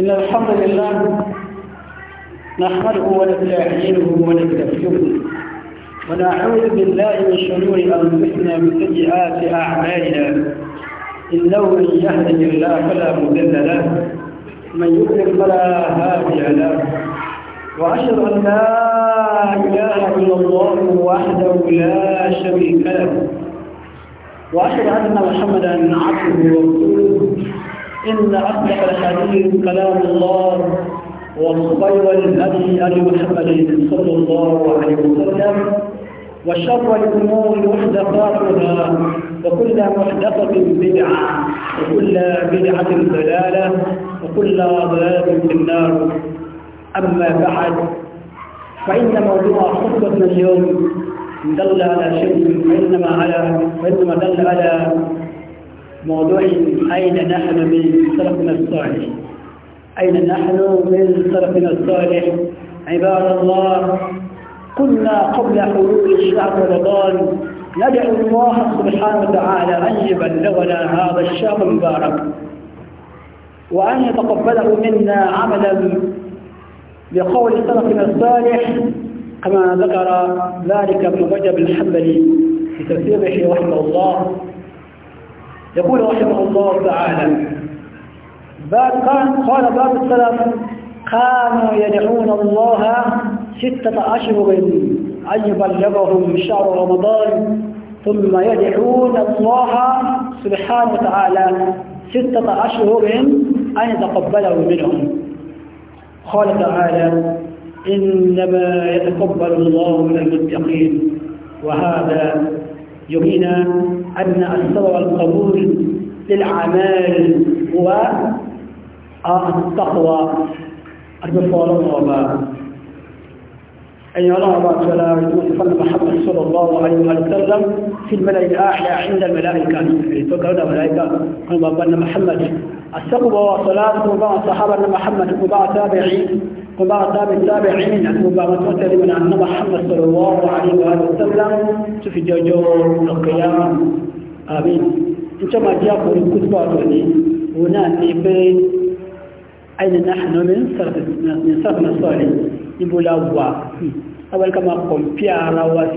إن الحمد لله نحمده ونستعينه ونستغفره ونعوذ بالله من شرور أنفسنا من سيئات أعمالنا إنه من يهده الله فلا مضل له ومن يضلل فلا هادي له وأشهد أن لا إله إلا الله وحده لا شريك له وأشهد أن محمدا عبده ورسوله إن أصدق الحديث كلام الله وخير الهدي أبي محمد صلى الله عليه وسلم وشر الأمور محدثاتها وكل محدثة بدعة وكل بدعة ضلالة وكل ضلالة في النار أما بعد فإن موضوع خطبة اليوم دل على شيء وإنما على وإنما دل على موضوع أين نحن من سلفنا الصالح أين نحن من سلفنا الصالح عباد الله كنا قبل حلول شهر رمضان ندعو الله سبحانه وتعالى أن يبلغنا هذا الشهر المبارك وأن يتقبله منا عملا بقول سلفنا الصالح كما ذكر ذلك ابن رجب الحنبلي في تفسيره رحمه الله يقول رحمه الله تعالى باب قال قال باب السلف كانوا يدعون الله ستة أشهر أن يبلغهم شهر رمضان ثم يدعون الله سبحانه وتعالى ستة أشهر أن يتقبله منهم قال تعالى إنما يتقبل الله من المتقين وهذا يرينا أن السبب القبول للأعمال هو آه، التقوى الجفوة الله أن يرى الله تعالى يقول محمد صلى الله عليه وسلم في الملائكة الأعلى عند الملائكة تقول الملائكة قال محمد التقوى وصلاة وبعض صحابة محمد وبعض تابعين وبعد باب التابعين وبعد وتر من أن محمد صلى الله عليه وآله وسلم في جوجو القيام آمين إن شاء الله جاء في الكتب هنا في أين نحن من صرف من صرف الصالح يقول الله أول كما قل في على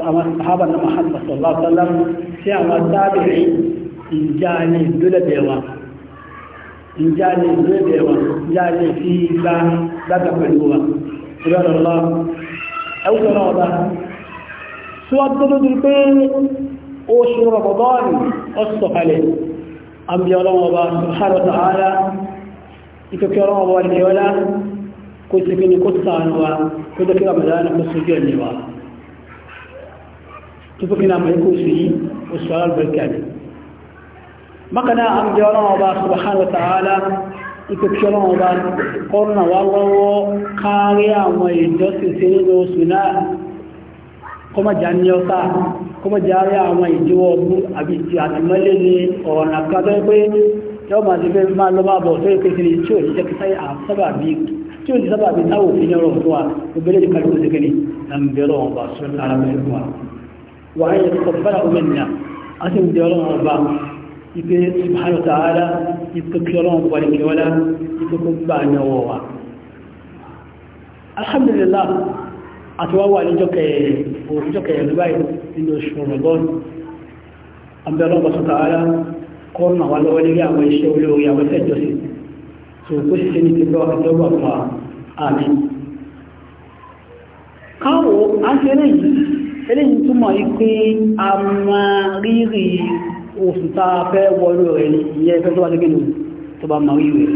الصحابة محمد صلى الله عليه وسلم في على التابعين إن جاني دولة بيوان إن جاني دولة بيوان yá ilé tí gbá gbága pẹ̀lú wa ìrọ̀lọ́ lọ ẹwùjọ náà ọba tí wọ́n tó lójú pé oṣù rọ̀bọ̀bọ́ọ̀lù ọ̀sọ̀ kalẹ̀ àmì ọlọ́wọ́ ọba subhanahu wa ta'ala ìkẹ́kẹ́ ọlọ́wọ́ ọba ìkẹ́ọ́lá kó ti fi ni kó sàánú wa kó jẹ́ kí ọba subhanahu wa ta'ala ìpèkìṣọ́nà ọba kọ́nà wá lọ́wọ́ kárí àwọn ìjọsìn sí nínú oṣù náà kọmọjà ní ọta kọmọjà rí àwọn ìdíwọ́ ọgbún àbí ti àtìmọ́lé ní ọ̀nà kan tó pé yọ́ máa ti fẹ́ máa lọ máa bọ̀ tó yẹ kékeré tí ò ní jẹ́ kíkà àsábà bí tí ò ní sábà bí táwò fi ní ọ̀rọ̀ fún wa obìnrin ní kálukú sí kíni na ipò kí ọlọ́run parí kí wọ́lá ipò kó gbà náwọ̀ wa alhamdulillah àti wá wà ní jọkẹ̀ ẹ̀lúbáyìí nínú oṣù rọ̀gọ́n abẹ́rọ̀ bọ̀sọ̀tà ara kọ́nà wà lọ́wọ́ lórí àwọn iṣẹ́ olóorí àwọn iṣẹ́ ìjọsìn tó kó sì ní ti lọ àjọ́gbà oṣù tá a fẹ́ wọlú rẹ̀ ní ìyẹ́ ẹgbẹ́ tó wà ní gínú tó bá máa wíwẹ̀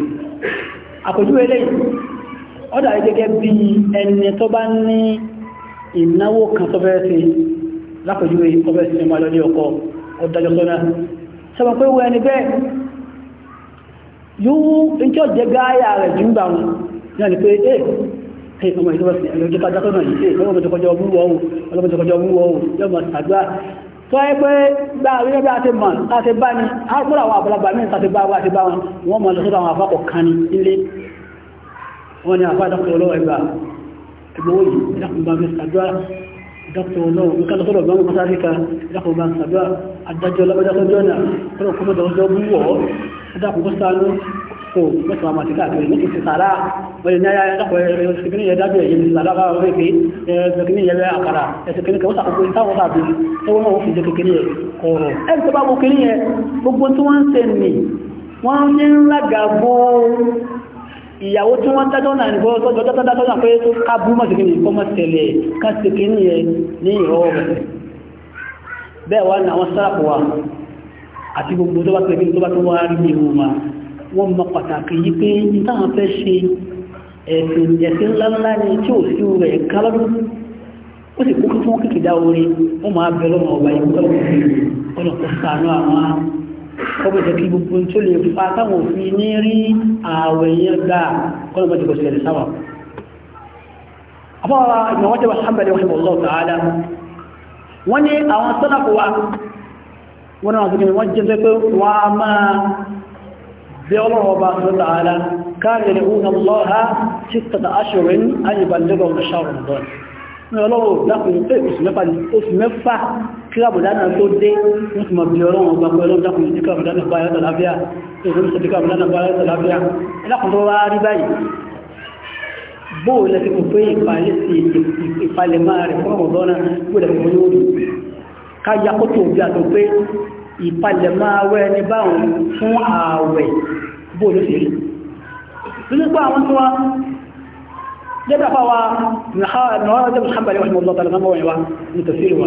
àpòjú ẹlẹ́ ọ̀dà gẹ́gẹ́ bí ẹni tó bá ní ìnáwó kan tó fẹ́ sí lápòjú tó fẹ́ sí ọmọ lọ́lé ọkọ ọdájọ́ sọ́nà sọmọ pé wọ ẹni bẹ́ẹ̀ yóò ń tí ó gáyà rẹ̀ jù ń ọmọ ìjọba sí ẹ̀yọ́ jẹ́ kájá tó náà yìí tó ẹ pé gbáàrí bí a ti mọ̀ láti bá ní ápùlà àwọn àbúlagbà mẹ́ta ti bá wá ti bá wọn wọ́n mọ̀ lọ sọ́dọ̀ àwọn àfákọ̀ kan ní ilé wọ́n ni àfá dr olówó ẹgbà ìgbówó yìí ìdákùnbà mi sàdúrà dr olówó nǹkan tó sọ́dọ̀ gbọ́mọ̀ pátá síka ìdákùnbà sàdúrà adájọ́ lábájá tó jọ́nà tó so mẹ́sàn án àti káàkiri ní kìí sàárà wọ́n yìí náà dákọ̀ ẹ̀sìnkìní yẹ dájú ẹ̀yẹ ìlànà bá wọ́n pé ẹ̀sìnkìní yẹ àkàrà ẹ̀sìnkìní kan sàkókò ìtawọ́ tàbí ẹwọ́n náà wọ́n fi jẹ́ kékeré yẹ kọ̀ọ̀rọ̀ ẹni tó bá wọ́n kéré yẹ gbogbo tí wọ́n ń ṣe nì wọ́n ní ńlá gàgbó ìyàwó tí wọ́n dájọ́ náà nìkan tọ́jọ́ tọ́jọ́ tọ́jọ́ pé ká bú mọ́ sìkìní kọ́ mọ́ tẹ̀lẹ̀ ká sìkìní yẹ ní ìrọ̀ wọ́n mọ pàtàkì yí pé táwọn fẹ́ ṣe ẹ̀sìn ìjẹ̀sìn ńláńlá ni tí ò sí rẹ̀ kálọ́dún ó sì kókó fún kìkìdá orin wọ́n máa bẹ̀rẹ̀ ọmọ ọba ìgbọ́lọ́pọ̀ kọ́bẹ̀tẹ̀ kí gbogbo tó lè fa táwọn òfin ní rí ààwẹ̀ yẹn gbà kọ́nà mọ́jẹ̀ kò sílẹ̀ sáwà. afọ́wà ìmọ̀wọ́n jẹ́ بأمر الله تعالى كان يدعون الله ستة أشهر أن يبلغهم الشهر رمضان ọlọ́wọ́ dákùn pé oṣù mẹ́fà ní oṣù mẹ́fà kílábùdánà tó dé wọ́n ti mọ̀ bí ọlọ́wọ́ ọgbà pẹ̀lú dákùn ní kílábùdánà bá yàtọ̀ lábíà èdè mú sí kílábùdánà bá yàtọ̀ lábíà ẹlákùn tó wá rí báyìí bóò lẹ́sí fún ọmọdọ́nà gbọ́dẹ̀ fún olóòrùn ká yakótó òbí àtò pé ìpalẹ̀má awẹ́ ní báwọn fún ààwẹ̀ bóòlù ṣe nínú pé àwọn tí wọ́n jẹ́bà bá wa nàwárá jẹ́ muhammad wa ṣùgbọ́n lọ́tà lọ́mọ wọ̀nyí wa ní tafsir wa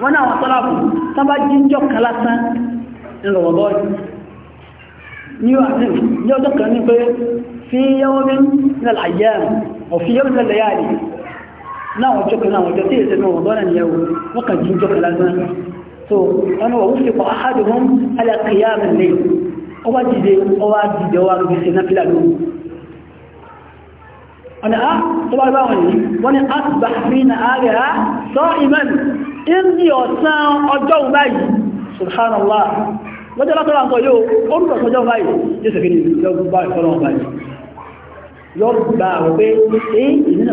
wọ́n náà wọ́n sọ́lá fún tán bá jíjọ́ kan lásán ń lọ́wọ́ bọ́ọ̀lù ní ọjọ́ kan ní pé fi yawmin min al-ayyam aw fi yawmin min ọwá dìde ọwá dìde ọwá rúgbé ṣe náà pílà lóòrùn ọ̀nà á tó bá báwọn yìí wọ́n ni a ti bá fi na ààrẹ á sọ ìmẹ́n ìndí ọ̀sán ọjọ́ báyìí subhanallah lọ́jọ́ látọ́lá ń sọ yóò ó rú ọ̀sán ọjọ́ báyìí yóò sì kìíní yọgbà ìfọ́lọ́wọ́ báyìí yọgbà rẹ̀ pé èyí ìdínà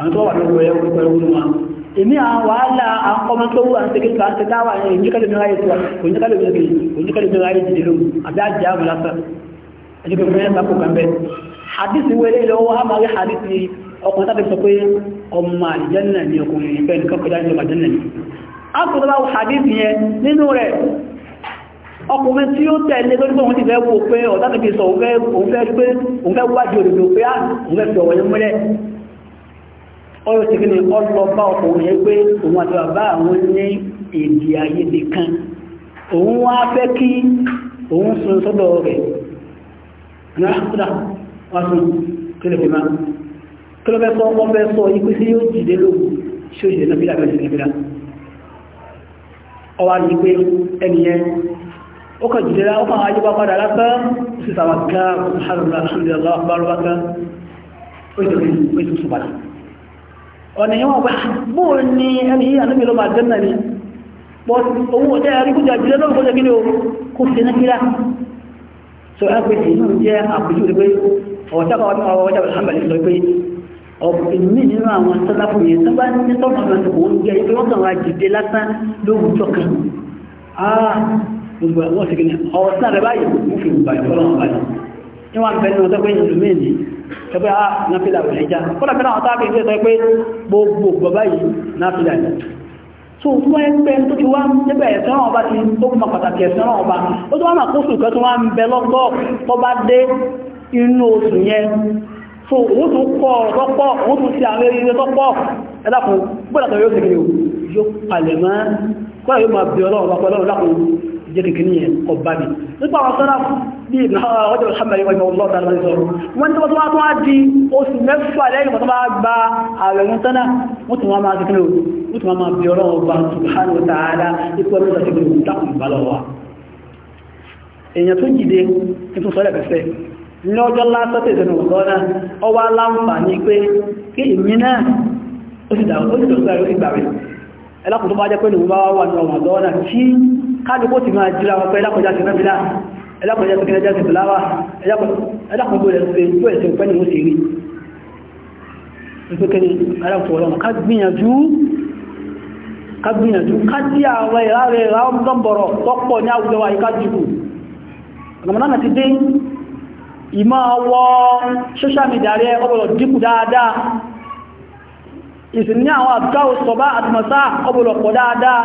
àwọn tó wà lọ́wọ́ ẹ̀ wọ́n pẹ̀lú wọn èmi àwọn wàhálà akọ́mọ́tòwò àtẹkẹ́kẹ́ àtẹkáwà ẹ̀ oníkàlẹ̀ mi ráyè tó oníkàlẹ̀ mi ráyè oníkàlẹ̀ mi ráyè jìdìlò àbí àjẹ́ àwọn lásán ẹjọ́ pẹ̀lú ẹ̀ta kò kàn bẹ́ hadith wẹlé lọ́wọ́ a máa rí hadith ni ọkùnrin tàbí sọ pé ọmọ àjẹ́nà ni ọkùnrin ìfẹ́ nìkan kọjá ìjọba àjẹ́nà ni a kò tọ́lá hadith yẹn nínú rẹ̀ ọkùnrin tí ó tẹ̀lé lórí pé òun ti fẹ́ wò pé ọ̀tá tẹ̀lé sọ òun fẹ́ wájú òdodo pé òun fẹ́ ah, fi ọ̀wọ̀ yẹn mọ́lẹ̀ ọ̀rọ̀ tèmi ni ọlọ́ba ọkùnrin yẹn pé òun àti bàbá àwọn ní èdè àìyedè kan òun wá fẹ́ kí òun sun sọ́dọ̀ rẹ̀ náà wá sun kílẹ̀ fún máa kílẹ̀ fẹ́ sọ wọ́n fẹ́ sọ ikú sí yóò jìdé lóògùn sí òjìdé náà bílá bẹ̀rẹ̀ sí bílá ọwá ní pé ẹniyẹn ó kàn jìdé ó kàn ajé pápádà lásán ó sì sàwàkà alhamdulillah ó sì tó ọ̀nà ìwọ̀n bá bóò ní ẹni yìí àlúmi ló máa jẹ́nà ni but owó ọ̀tẹ́ àríkújà ìbílẹ̀ lọ́wọ́ kọjá kílé o kó fi ní kílá so ẹ pé èyí jẹ́ àpòjú rẹ pé ọ̀tá bá wọn wọ́n jábọ̀ sábàlì sọ pé ọ̀pẹ̀ mí nínú àwọn sọ́láfù yẹn tó bá ní tọ́pọ̀ àwọn tó ń jẹ́ pé wọ́n kàn wá kan ah gbogbo àwọn sì kìíní ọ̀sán rẹ báyìí mú ẹgbẹ́ a ah, náfílà rẹ̀ já fọ́nàfílà àwọn tábí ilé ẹgbẹ́ gbogbo bàbá yìí náfílà rẹ̀ tó wọ́n ẹgbẹ́ tó ti wá níbẹ̀ ẹ̀sẹ̀rán ọba ti ó mọ pàtàkì ẹ̀sẹ̀rán ọba ó tó wá máa kóṣù kan tó wá ń bẹ lọ́gbọ́ so òun tún kọ́ ọ̀rọ̀ tọ́pọ̀ òun tún ti àwọn eré tọ́pọ̀ ẹ̀dàkùn gbọ́dàtọ̀ yóò ti kiri yóò palẹ̀mọ́ gbọ́dà jẹ́kìkìní yẹn ọba mi nípa àwọn sọ́nà bí ọjọ́ ìṣàmàlì ọjọ́ ọlọ́ tàbí sọ̀rọ̀ wọ́n tí wọ́n tó wá tó wá di oṣù mẹ́fà lẹ́yìn wọ́n tó bá gba ààrẹ wọn tánà wọ́n tún wá máa kékeré o wọ́n tún wá máa bí ọlọ́run ọba subhanahu wa ta'ala ipò ẹ̀rọ ìgbà kékeré òun dákùn ìgbà lọ́wọ́ èèyàn tó jìde tuntun sọ́lẹ̀ fẹ́fẹ́ ní ọjọ́ lásọ́tẹ̀ ìdẹ̀nà bá wà ní ọmọdọ́nà tí kálùkù ti máa jíra wọn pé ẹlákọjá ti mẹ́bílá ẹlákọjá ti kẹjá ti fìláwà ẹlákọjọ́ rẹ̀ pé tó ẹ̀sìn pẹ́ ni ó sì rí ìpékẹ́ni alákọ̀ọ́lọ́mọ̀ ká gbìyànjú ká gbìyànjú ká dí ìsìn ní àwọn àbúkáwò sọ̀bá àtìmọ̀sá ọbọ̀lọ̀ dáadáa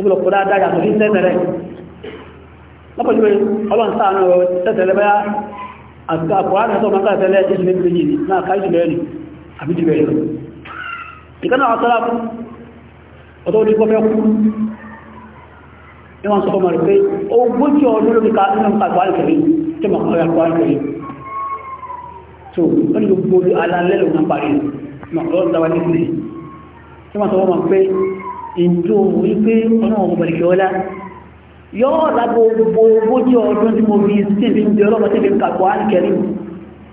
ọgbọ̀n kò dáadáa yàtọ̀ sí tẹ́tẹ̀rẹ̀ lọ́pọ̀lọpọ̀ ọlọ́run sáànù tẹ́tẹ̀rẹ̀ bá àkùránì tó máa tẹ́tẹ̀lẹ̀ jésù méjì méjì ní náà ká jù lẹ́rìn àbí jù lẹ́rìn ìkánà àtọ́lá ọ̀tọ́ orí pọ́fẹ́ kú ní wọ́n sọ fọ́mọ̀ rẹ̀ pé ogójì ọdún ló kíkà nínú àkùránì kẹrì tí mọ̀ ọ̀rẹ́ àkùránì kẹrì tó wọ́n ni gbogbo alálẹ́lò náà parí mọ̀ ọ̀rọ̀ ìjọ wípé ọlọ́run ọgbọ̀lẹ̀kẹ́ ọlá yóò lábọ̀ ogójì ọdún tí mo fi sín fi ń di ọlọ́pàá tí fi ń kàkọ́ àìkẹ́rì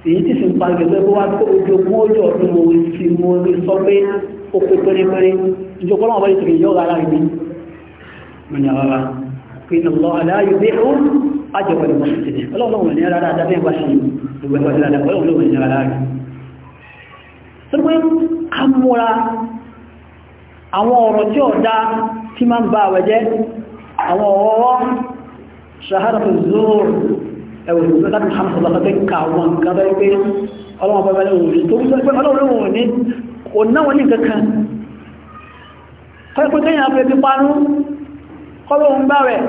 èyí tí fi ń pa ìgbẹ̀gbẹ́ bó wá tó ojú ogójì ọdún mo fi mo rí sọ pé ó pé pérépéré ìjọ kọ́lọ́wọ́ bá ìtòkè yóò rárá rí mi mo ní àwárá pé lọ aláyò bí ó àjọpọ̀ ìmọ̀ sí àwọn ọ̀rọ̀ tí ó dá tí máa ń bá àwẹ̀ jẹ́ àwọn ọ̀rọ̀ ṣaharafu zoro ẹ̀wọ̀n tó dábí hamsọ̀lọ́pẹ́ pé kàwọn nǹkan bẹ́ pé ọlọ́wọ́n bẹ́ bẹ́lẹ̀ òun tó rí pé ọlọ́wọ́n òun ní kò náwọn ní kankan kọ́ẹ̀kọ́ tẹ́yìn àpẹ ti panú kọ́lọ́wọ́n bá rẹ̀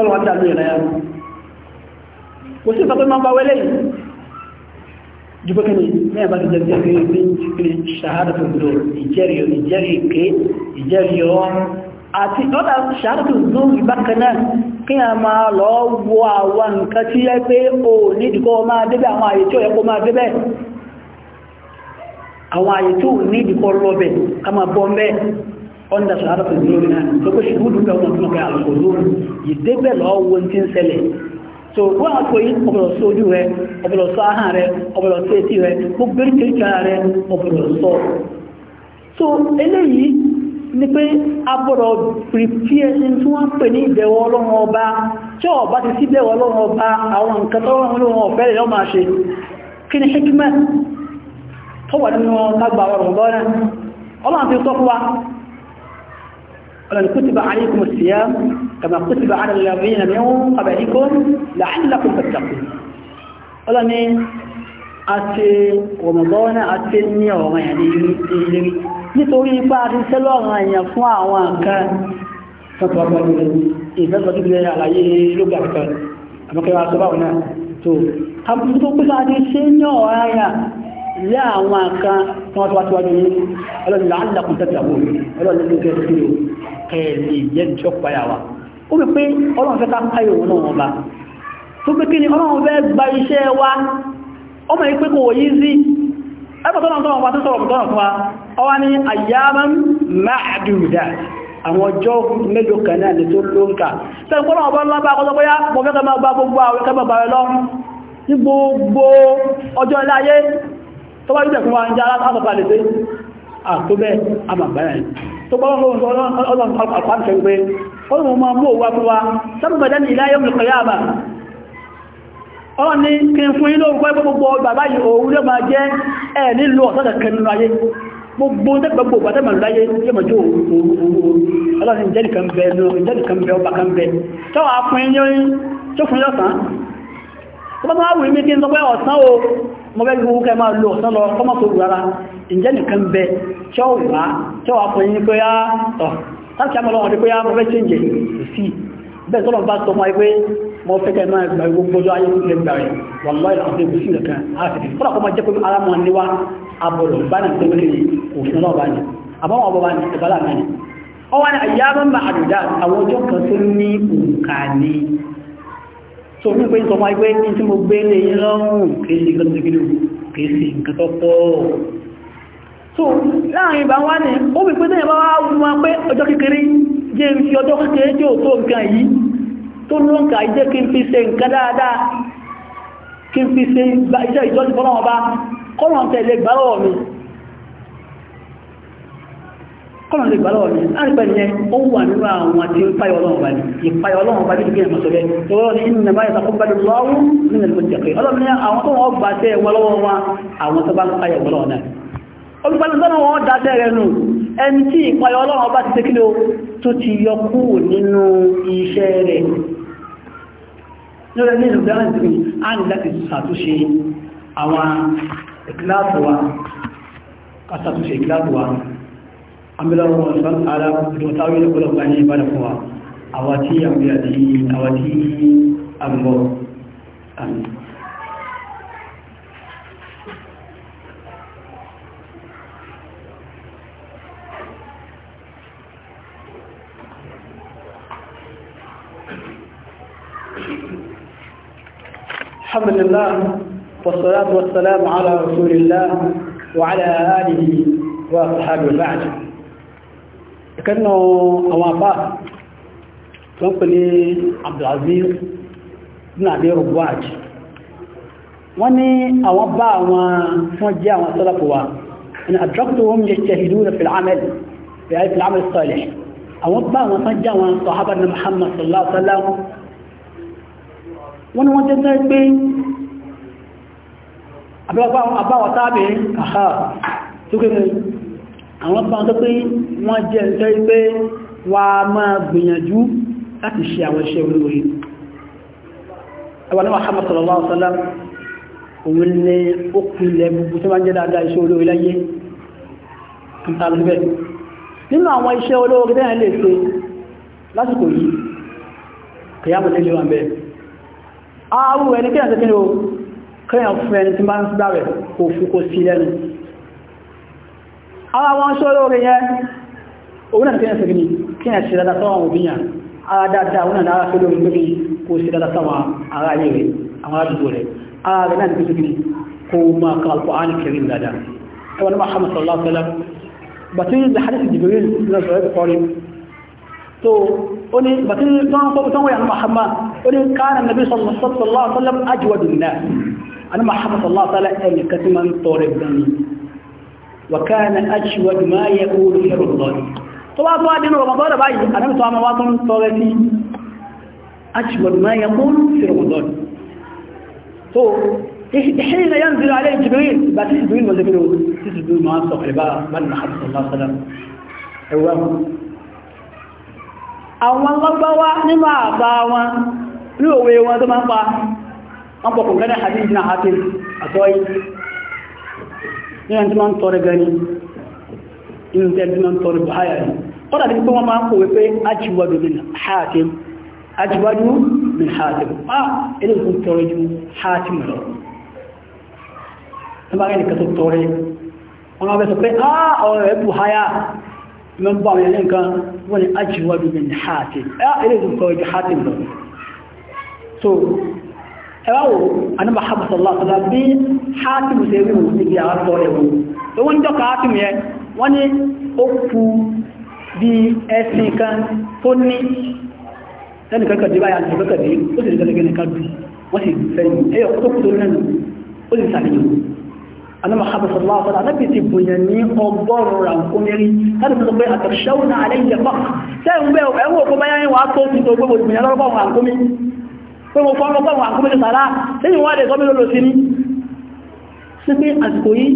kọ́lọ̀ wọ́n tàbí ìrìnà yàrá kò sí ìfẹ́kọ́ máa bá wẹ́lẹ̀ yìí jùpọ̀ kí ni ní ẹ̀bá ti jẹ́ jẹ́ pé ní ìpínlẹ̀ ṣàhádà tó gbòrò ìjẹ́rì ìjẹ́rì ìké ìjẹ́rì ọ̀run àti ọ́dà ṣàhádà tó gbòrò ìbákan náà kí a máa lọ wo àwọn nǹkan tí yẹ pé o ní ìdíkọ́ máa débẹ̀ àwọn àyè tí ó yẹ kó máa débẹ̀ àwọn àyè tó ní ìdíkọ́ lọ ká máa bọ́ mẹ́ ọ́nà sàárọ̀tù lórí náà tó kó ṣùgbọ́n dúpẹ́ ọmọ tó mọ̀kẹ́ àlùkò lórí ìdébẹ̀ lọ́wọ́ wọn ti ń so wọ́n á pè é ọ̀bọ̀lọ̀ sí ojú rẹ ọ̀bọ̀lọ̀ sọ ahọ́n rẹ ọ̀bọ̀lọ̀ sí etí rẹ gbogbo eríkèríkè rẹ ọ̀bọ̀lọ̀ sọ so eléyìí ni pé abọ̀rọ̀ prepare ní tí wọ́n pè ní ìbẹ̀wọ̀ ọlọ́run ọba tí ọba ti sí ìbẹ̀wọ̀ ọlọ́run ọba àwọn nǹkan tọ́rọ̀ ọlọ́run ọ̀fẹ́ rẹ̀ lọ́mà ṣe kí ni hikmet tó wà nínú lágbàwọ̀ ọ̀rọ̀ ọlọ́run ti sọ fún wa ولن كتب عليكم الصيام كما كتب على الذين من قبلكم لعلكم تتقون ولن àti ọmọdọ́nà àti ní ọmọ ìyàní ìlérí nítorí ipá àdíṣẹ́ lọ́rọ̀ èèyàn fún àwọn nǹkan tọ́tọ̀ọ̀pọ̀lẹ̀ ìfẹ́sọ̀tọ̀lẹ̀ àlàyé lóga kan àmọ́kẹwàá sọ báwọn náà tó àbúrúkú pípa àdíṣẹ́ ní ọ̀rọ̀ ayà lé àwọn kẹ́ẹ̀lì jẹ́jọ́ payà wa ó wí pé ọlọ́run fẹ́ ká páyò òun náà wọn bá tó pé kí ni ọlọ́run fẹ́ gba iṣẹ́ wa ọmọ yìí pé kò wòyí sí ẹgbẹ̀ tọ́nà tọ́nà wọn tó sọ̀rọ̀ tọ́nà fún wa ọwá ní ayyaman ma'duda àwọn ọjọ́ mélòó kan náà ni tó ló ń kà sẹ́yìn pọ́nà ọba ńlá bá kọ́sọ́ bóyá mo fẹ́ kẹ́mọ́ bá gbogbo àwọn kẹ́mọ́ bá rẹ lọ ní gbogbo ọjọ́ ilé ayé tó bá jẹ́ fún wa ń jẹ́ alásọ̀kalẹ̀ àtúbẹ̀ àmàbẹ̀rẹ̀ tó bá wọ́n ọlọ́run àpáǹkẹ́ wípé ọlọ́run ma mú òwà fún wa sábàbàdán ìláyé olùkọ̀yàbà ọlọ́run ní kí n fún ilé òkúẹ́ gbogbo bàbá yìí òun ló máa jẹ́ ẹ̀ nílò ọ̀sọ́dẹ̀ kẹnu ayé gbogbo tẹ́gbogbo gbàtẹ́mà láyé yẹ́mà jẹ́ òun ọlọ́run ìjẹ́nìkan bẹ ìjẹ́nìkan bẹ ọba kan bẹ tọ́wọ́ mo bẹ́ gbogbo kẹ máa lo ọ̀sán lọ kọ́mọ̀ tó rárá ìjẹ́ nìkan bẹ tí ó wà tí ó wà fún yín pé á ah, tọ̀ láti àmọ́ lọ́wọ́ pé á ah, mo fẹ́ ṣéǹjẹ̀ sí bẹ́ẹ̀ tọ́lọ̀ bá sọ mọ́ pé mo fẹ́ kẹ máa gbà gbogbo ọjọ́ ayé ilẹ̀ gbà rẹ̀ wà lọ́ọ̀ ìlànà tó gbèsè nìkan á fi fọ́nà kọ́ máa jẹ́ pé ara mọ́ níwá abọ̀lọ̀ bá nà tó wọlé so wípé sọ máa gbé ní tí mo gbé lè yí lọ́rùn kìí nǹkan tó gílò kìí nǹkan tó pọ̀ so láàrin ìbá wá ní ó bí pé tẹ́yẹ bá wá wú wa pé ọjọ́ kékeré jẹ́ ń fi ọjọ́ kékeré jẹ́ ò tó nǹkan yìí tó ló ń kà í kí n fi ṣe nǹkan dáadáa kí n fi ṣe iṣẹ́ ìjọ́sìn kọ́nà lè gbà lọ́wọ́ mi àrígbà ìyẹn ó wà nínú àwọn tí ń fáyọ̀ ọlọ́run bá ní ìfáyọ̀ ọlọ́run bá dídí gẹ́gẹ́ mọ̀sọ̀rẹ́ tọ́wọ́ ní inú nàbáyà tàkọ́bàdì lọ́wọ́ nínú ìlúmọ̀tẹ̀kẹ́ ọlọ́run ní àwọn tó wọ́n gbà tẹ́ wọ́n lọ́wọ́ wa àwọn tó bá ń fáyọ̀ ọlọ́run náà olùgbàlùsọ́nà wọn dá tẹ́rẹ nù ambilawo wọn sọ ara ìjọta orí lọ́pọ̀lọ́ bá ní ìbára fún wa àwàtí àwí àti àwàtí àgbọ̀ àmì الحمد لله والصلاة والسلام على رسول الله وعلى آله وأصحابه بعد ìkẹ́nà àwọn àbá tó ń pè ní Abdulaziz nínàdé rubuaj wọ́n ní àwọn bá àwọn fún jẹ́ àwọn sọ́lọ́pùwà ni àdọ́kùnrin yẹ̀ṣẹ̀hìdú rẹ̀ fìlàmẹ́lì fìlàmẹ́lì sọ́lẹ̀ àwọn bá àwọn fún jẹ́ àwọn sọ̀hábà ní Muhammad sallallahu alaihi wasallam àwọn kan tó pé wọ́n jẹ́ ń tẹ́rí pé wà máa gbìyànjú láti ṣe àwọn iṣẹ́ olóorí ẹwàlẹ́wà Muhammad sallallahu alaihi wasallam òun ni ó kúnlẹ̀ gbogbo tó máa ń jẹ́ dáadáa iṣẹ́ olóorí láyé nínú àwọn iṣẹ́ olóorí ara wọn ṣọ́rọ̀ orí yẹn òun náà kíyàn sẹ́gbìn kíyàn ṣe dada sáwọn òbíyàn ara dáadáa òun náà ara fẹ́ lórí lórí kó ṣe dada sáwọn ara ayé rẹ̀ àwọn àdúgbò rẹ̀ ara rẹ̀ náà kíyàn sẹ́gbìn kó máa ka alkur'ani muhammad sallallahu alaihi wasallam batun da hadith jibril na sahih bukhari to oni batun tan ko tan wa muhammad oni kana nabi sallallahu alaihi wasallam ajwadun nas ana muhammad sallallahu alaihi wasallam en katiman tore وكان أشود ما يقول في رمضان طبعا طبعا دين رمضان باي أنا بتوع مواطن طوالتي أشود ما يقول في رمضان تو حين ينزل عليه جبريل بس جبريل ما زبينه تسبيل ما أصبح لبا من محمد صلى الله عليه وسلم هو àwọn lọ́gbọ́wá nínú àbá wọn ní òwe wọn tó máa ń pa wọn pọ̀kùnkẹ́ náà àti ìjìnà àti àtọ́yí nínú tí wọ́n ń tọrẹ gan ni inú tẹ́lẹ̀ tí wọ́n ń tọrẹ bọ̀ háyà rẹ̀ kọ́dà tí pé wọ́n máa ń kòwé pé ajíwájú min Hatim ajíwájú min Hatim a ilé ìkún tọrẹ ju Hatim lọ tí wọ́n bá rẹ̀ tó tọrẹ wọ́n máa fẹ́ pé a ah, ọ̀rọ̀ rẹ̀ bù mẹ́ bọ́ àwọn ẹlẹ́ nǹkan wọ́n ni ajíwájú min Hatim ilé ah, ìkún tọrẹ ju Hatim lọ ẹwà wò àní Muhammad sallallahu alaihi wasallam bí hátìmù ṣe rí wọn níbi àwọn sọ ẹ̀wọ̀n tó wọ́n jọ́ ka hátìmù yẹn wọ́n ní ó kú bí ẹ̀sìn kan tó ní ẹnì kankan dé báyà ní kankan dé ó sì ní kankan nìkan dùn wọ́n sì fẹ́yìn ẹyọ tó kú tó nínú ó sì sàlẹ̀yìn àní Muhammad sallallahu alaihi wasallam pé mo fọ́nà pọ̀wọ̀n àkúmẹ́lẹ̀ sàárá lẹ́yìn wádẹ̀ gọ́mìnà lò sí ní sí pé àsìkò yìí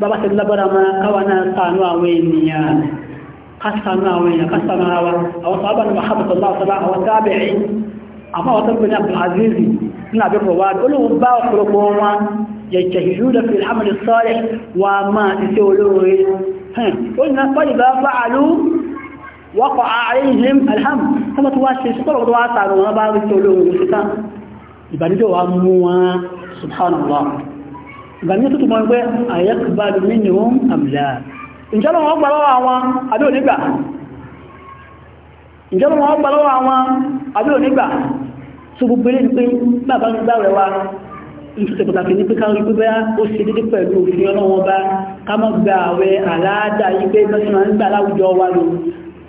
bàbá tẹ̀lé lágbára ma káwà náà sàánú àwọn ènìyàn kásánú àwọn èèyàn kásánú ara wa àwọn sàábà ní mahabbatan lásánà àwọn tábẹ̀ẹ́ الصالح وما تسولوه قلنا قد فعلوا wọ́pọ̀ àárín alham tó mọ́ tó wá ṣe ṣùgbọ́n tó wá sàrò wọn bá rí tó lóòrùn síta ìbànújẹ́ wa mú wọn subhanallah ìbànújẹ́ tó tó mọ́ pé àyẹ́kùbálù minimum amla ìjọba wọn gbà lọ́wọ́ àwọn àbí onígbà ìjọba wọn gbà lọ́wọ́ àwọn àbí onígbà tó gbogbo ilé ni pé bàbá ń gbàwẹ̀ wa ìtútù pàtàkì ní pé káwọn ìpé bá ó ṣe dédé pẹ̀lú òfin ọlọ́wọ́n bá ká mọ́ gba àwẹ̀ àládà yí pé mẹ́sàn-án ń gbà láwùjọ wa lò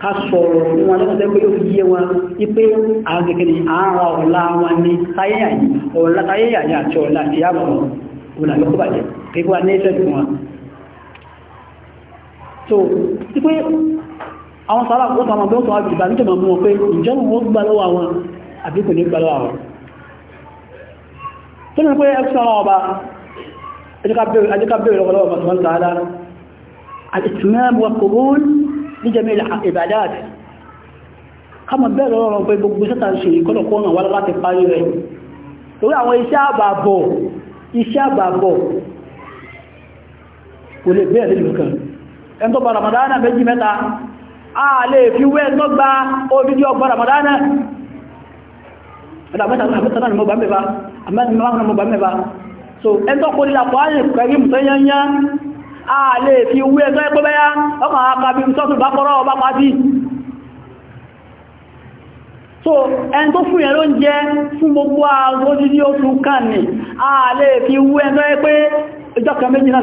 ká sọ̀rọ̀ fún wọn lọ́pọ̀ pé ó fi yé wọn wípé àwọn kìkìrì àárá ọ̀la wọn ní táyéyàyà àti ọ̀la ìyàwó òun àlọ́kọ́ bàjẹ́ kéèkó wa ní ìṣẹ́jú wọn so wípé àwọn sára ó sọ àwọn ọmọ ìgbà nítorí mọ̀ wọn pé ìjọba wọn gbà lọ́wọ́ àwọn àbí kò ní gbà lọ́wọ́ àwọn tó ní pé ẹkùsọ́ àwọn ọba ajíkábẹ̀rẹ̀ ní jẹ́mi ìbàdàn kama bẹ́ẹ̀rẹ̀ ọ̀rọ̀ pé gbogbo sẹ́ta ṣe ìkọ́lọ̀kọ́nà wà láti parí rẹ̀ torí àwọn iṣẹ́ àbàbọ̀ iṣẹ́ àbàbọ̀ kò lè bẹ́ẹ̀ lè kan ẹn tó gba ramadana méjì mẹ́ta a lè fi wé tó gba obìdí ọgbà ramadana ẹ̀dà mẹ́ta a lè fi wé ẹgbẹ́ ẹgbẹ́ bẹ́yá ọkàn akabi sọ́tù bá kọ́rọ̀ ọba pàtí so ẹni tó fún ìyẹn ń jẹ fún gbogbo àwọn ojú oṣù kan ní a fi wé ẹgbẹ́ pé ìjọkà méjì náà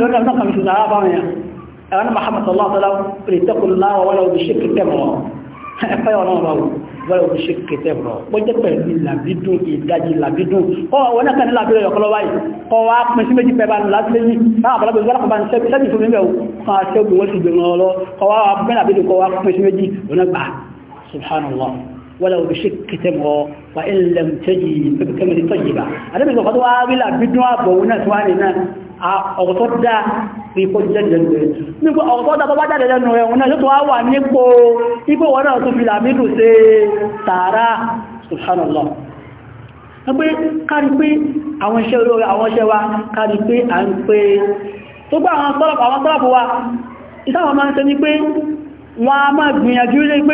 lọ́dọ̀ wọ́n yóò ṣe kété rọ̀ pọ́jẹ́ pẹ̀lú làbídùn ìdájí làbídùn kọ́ wọn náà kàn ní làbídùn ọ̀kọ́lọ́ báyìí kọ́ wa pín sí méjì pẹ̀lú láti méjì náà àbálọ́ bẹ̀rẹ̀ wọ́n bá ń sẹ́bì fún mímẹ́ kan ṣe ògùn wọ́n sì gbé wọn lọ kọ́ wa pín làbídùn kọ́ wa pín sí méjì lọ́nà gbà subhanallah wọ́n yóò ṣe kété rọ̀ wà ilẹ̀ mùtẹ́jì pẹ̀lú kẹ́mẹ́lì tọ́jì bá ọ̀rọ̀ tó dáa fi kó jẹ́ jẹ́ jẹ́ nígbà ọ̀rọ̀ tó dáa tó bá jáde lẹ́nu rẹ̀ wọn náà ló tó wá wà nípò ipò wọn náà tó fi làmídù ṣe tààrà subhanallah pé kárí pé àwọn iṣẹ́ olóore àwọn iṣẹ́ wa kárí pé à ń pé tó gbá àwọn tọ́lọ̀pù àwọn tọ́lọ̀pù wa ìsáwọn máa ń ṣe ní pé wọ́n a máa gbìyànjú lé pé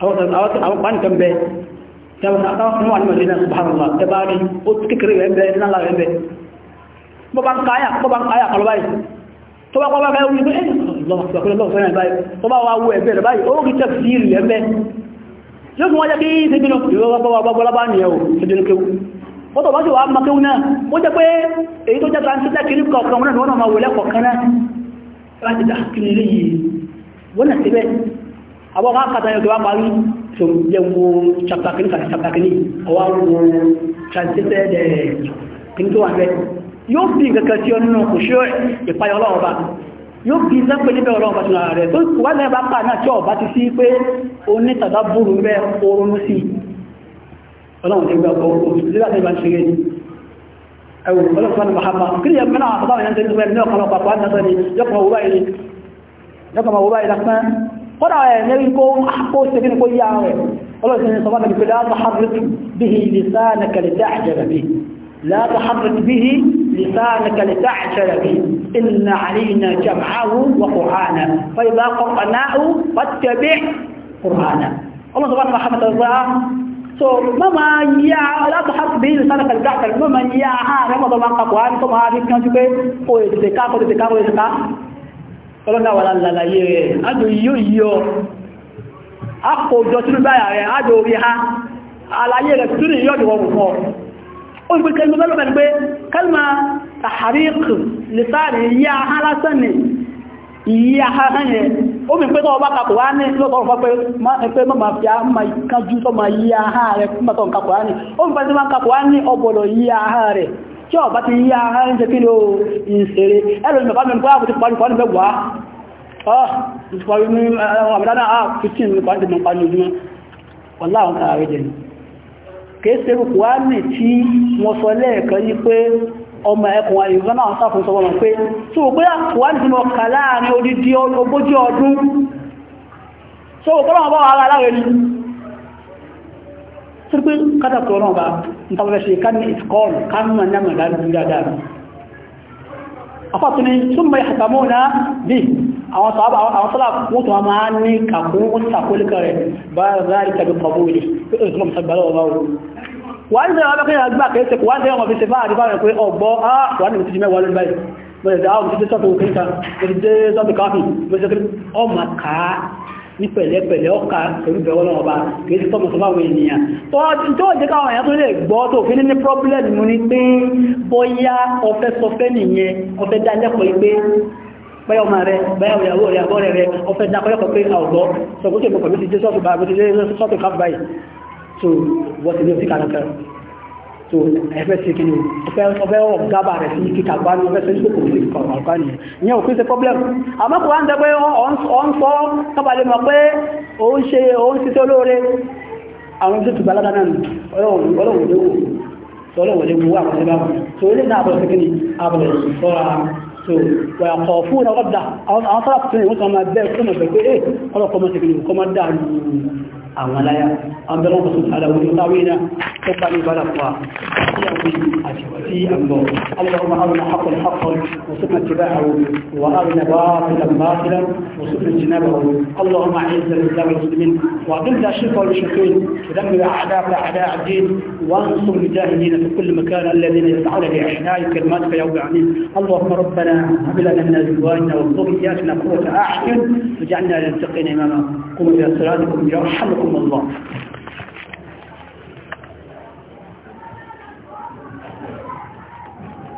àwọn pàánì kan bẹ tẹ́wọ̀n àtàwọn fún wà ní mọ̀lẹ́nà subhanallah tẹbárí ó kékeré rẹ̀ bẹ nílá rẹ̀ bẹ bọ́bá ń káyà bọ́bá ń káyà kọlọ báyìí tó bá pọ́bá báyìí wípé ẹ́ lọ́wọ́ fẹ́ràn báyìí tó bá wá wú ẹ̀bẹ̀ rẹ̀ báyìí ó rí tẹ́ sí rí ẹ̀bẹ̀ yóò fún wọ́n jẹ́ kí ìdíbìnà ìrọ́bọ́bọ́lá ní ẹ̀wò ìdínkẹwò ó tọ̀ bá kiri kọ̀ọ̀kan wọn náà wọ́n máa wọlé kọ̀ọ̀kan náà láti dá kiri lè yìí àwọn akàtà yóò gbá parí tó jẹ́ wo chapter kìíní kàtà chapter kìíní ọwá wo translated eh, kìíní tó wà rẹ̀ yóò bí kankan tí ọ̀nà kò ṣe ìpayọ̀ ọlọ́ọ̀ba yóò bí sápẹ́ níbẹ̀ ọlọ́ọ̀ba tó rẹ̀ tó wà náà bá pa náà tí ọba ti sí pé ó ní tàbá búrú bẹ́ oorun sí ọlọ́run ti gbẹ́ ọkọ̀ nígbà tí ó bá ń ṣeré ni ẹwù ọlọ́pàá ní mahama kìí yẹ mẹ́nà àtàbà ìyẹn tó ń tó bẹ́ẹ̀ ní ọ̀pọ̀lọpọ̀ àpá àtàtà ni yọkọ̀ wọ́n báyìí lásán kọ́dà ẹ̀ eh, nẹ́rí kó ah, kó sẹ́bí kó yá rẹ̀ ọlọ́sìn sọ́bá nàbí pé láàtọ̀ harrit bihi lisanaka lita'jala bihi láàtọ̀ harrit bihi lisanaka lita'jala bihi inna alayna jam'ahu wa qur'ana fa idha qara'nahu fattabi' qur'ana ọlọ́sìn sọ́bá nàbí hamadu rẹ̀ so mama ya láàtọ̀ harrit bihi ọlọ́dáwàlá lalaye rẹ̀ adò yíò yíò akọ̀ọ̀jọ́ tún báyà rẹ̀ adò orí ha alaye rẹ̀ tún yíò jùwọ́ púpọ̀ ó gbé kẹlùmọ́ lọ́lọ́pẹ̀ pé kẹlùmọ́ àhàríkù lìsáàrí yí ahá lásán ni yí ahá hanyẹ ó mi pé tọ́ ọba kàkù wá ní lọ́tọ̀rọ̀ fọ́ pé mọ́ máa fi á yí ahá rẹ̀ yí ahá rẹ̀ tí ọ̀bá ti yí ara ń jẹ́ kí ní o ìṣẹ́rẹ́ ẹ̀rọ ìmọ̀bá mẹ́rin pọ́ àkùtí parí pọ́nù mẹ́wàá ọ́ ìṣẹ́parí ní àmàdánà àà 15 ní pàtàkì mọ́ pàtàkì ojúmọ́ ọlá àwọn tàà rẹ̀ jẹ́ kéèsè kùwánì tí wọ́n sọ lẹ́ẹ̀kan ní pé ọmọ ẹkùn àìyàn náà sáfún sọ wọn pé tí ó gbé kùwánì tí wọ́n kà láàrin odidi ogójì ọdún tó wọ́n kọ́ pé kátà tó náà bá ń tàbí ṣe ká ní ìskọ́ọ̀lù ká mọ̀ náà mọ̀ láti rí dáadáa afọ́tún ni tún mọ̀ ìhàtàmọ́ náà bí àwọn sọ́ọ̀bà àwọn sọ́lá wọ́n tó máa ní kàkún wọ́n tàkólíkà rẹ̀ bá rárí tàbí kọbúrì pé òṣìṣẹ́ mọ̀ sàgbàlọ́ ọ̀rọ̀ wọ́n ń sẹ́wọ́n bẹ́kẹ́ àgbà kẹ́ẹ̀sẹ̀ wọ́n ń sẹ́wọ́n fi ṣe fáàrí fáàrí pé ọgbọ́ ah wọ́n ni mo ti jí mẹ́wàá lórí ti dé sọ́tò kẹ́kà mo ti dé sọ́tò káfí mo ti dé ọmọ káà ní pẹ̀lẹ́pẹ̀lẹ́ ọkà ẹ̀rùbẹ̀ ọlọ́ọba kìí sí tọ́mọ̀ sọmáwọn ènìyàn tó jẹ́ káwọn èèyàn tó lè gbọ́ tó fi ní problem mú ní pé bóyá ọfẹ́ sọfẹ́ nìyẹn ọfẹ́ dá lẹ́kọ̀ọ́ pé báyọ̀ máa rẹ báyọ̀ ìyàwó rẹ àbọ́rẹ̀ rẹ ọfẹ́ dá kọ́lẹ́kọ̀ọ́ pé àwọ̀ sọ so ẹfẹ ti kini ọfẹ ọfẹ ọ gaba rẹ sí kíkà gbá ní ọfẹ tó ní kò kò sí ọ̀rọ̀ ọ̀gá nìyẹn ìyẹn òfin ṣe problem àmọ́ kò wá ń dẹgbẹ́ ọ̀n sọ kábàlẹ̀ mọ̀ pé òun ṣe òun ṣiṣẹ́ olóore àwọn ojú tó balaga náà ọlọ́run ọlọ́run lè wò ọlọ́run lè wò àwọn ẹgbẹ́ àwọn ilé náà àbọ̀ sí kini àbọ̀ sọ́ra so ويخافون ربه àwọn سنة tó ní wọ́n máa bẹ́ẹ̀ tó mọ̀ pẹ̀lú ẹ̀ ọlọ́pọ̀ mọ́ tẹ̀lé kọ́ máa dáa ní àwọn aláyá àbẹ̀rẹ̀ wọn sọ̀tà àwọn olùsáwìnà tó bá ní bára اتباعه وأرنا باطلا باطلا وصفنا اجتنابه اللهم أعز الإسلام والمسلمين وأذل الشرك والمشركين ودمر أعداء أعداء الدين وانصر المجاهدين في كل مكان الذين يسعون لأحياء كلماتك يا رب اللهم ربنا ربنا هب لنا من ازواجنا وذرياتنا قرة اعين واجعلنا للمتقين اماما قوموا الى صلاتكم يرحمكم الله